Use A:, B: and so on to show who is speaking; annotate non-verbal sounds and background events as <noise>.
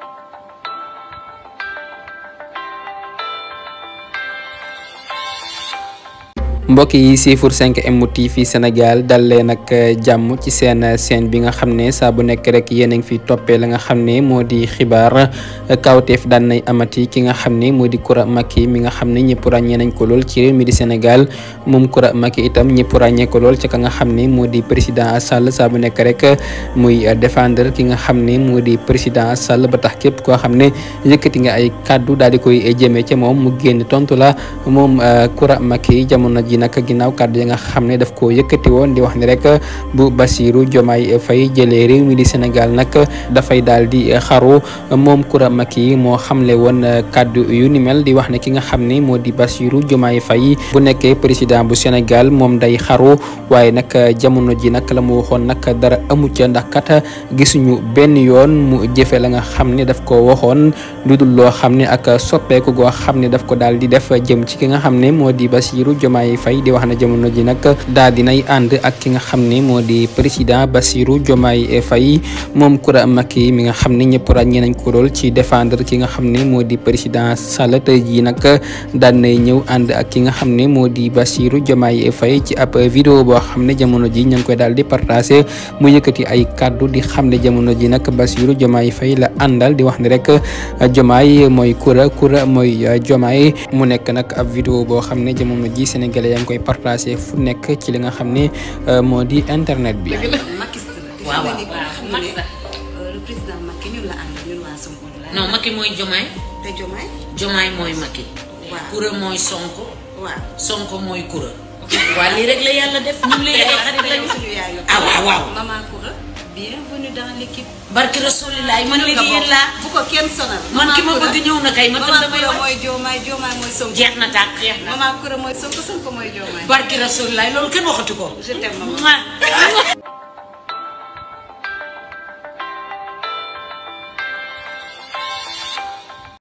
A: you mbokk yi siifur 5M TV Sénégal dal leen ak eh, jàmm ci seen eh, seen bi nga xam ne saa bu nekk rek yéen a ngi fi toppee la nga xam ne moo di xibaar eh, kawteef daan nay amati ki nga xam ne moo di Coura Macky mi nga xam ne ñëpp ràññee nañ ko lool ci réew Sénégal moom Coura Macky itam ñëpp ràññee lool ci ka nga xam ne moo di président Sall saa bu nekk rek muy défendre ki nga xam ne moo di président Sall ba tax képp koo xam ne yëkkati nga ay kàddu daal di koy jëmee ci moom mu génn tontu la moom Coura Macky jamono gi nag ginnaaw kàddu yi nga xam ne daf koo yëkkati woon di wax ni rek bu Bassirou Diomaye fay jëlee réew mi di Sénégal nag dafay daal di xaru moom Coura Macky moo xamle woon kàddu yu ni mel di wax ne ki nga xam ne moo di Bassirou Diomaye Faye bu nekkee président bu Sénégal moom day xaru waaye nag jamono ji nag la mu waxoon nag dara amu ndax kat gisuñu benn yoon mu jëfe la nga xam ne daf ko waxoon lu dul loo xam ne ak soppeeku goo xam ne daf ko daal di def jëm ci ki nga xam ne moo di Bassirou Diomaye Faye di wax ne jamono ji nag daa dinay ànd ak ki nga xam ne moo di président Bassirou Diomaye Faye moom Koura Macky mi nga xam ne ñëpp ràññee nañ ko lool ci défendre ki nga xam ne moo di président Sall tey jii nag daan nay ñëw ànd ak ki nga xam ne moo di Bassirou Diomaye Faye ci ab vidéo boo xam ne jamono ji ñu ngi koy daal di partagé mu yëkkati ay kàddu di xam ne jamono ji nag Bassirou Diomaye Faye la àndal di wax ne rek Diomaye mooy Koura Koura mooy Diomaye mu nekk nag ab vidéo boo xam ne jamono dañ koy partagé fu nekk ci li nga xam ne euh, moo di internet bi.
B: waaw waaw euh, le mooy Jomaay. Jomaay. mooy Macky. waaw mooy Sonko. waaw mooy Koura. waaw lii rek la yàlla def. ñun lii rek la yàlla def ah, waaw bienvenue dans l'équipe. barki rasulilaay man léegi yéen laa. bu ko kenn sonal. man ki ma bëgg ñëw na kay ma tam damay wax mooy joomaay joomaay mooy sonko. jeex na tàkk jeex na maman Koura mooy sonko sonko mooy joomaay. barki rasulilaay loolu kenn waxatu ko. je t'aime maman. <laughs>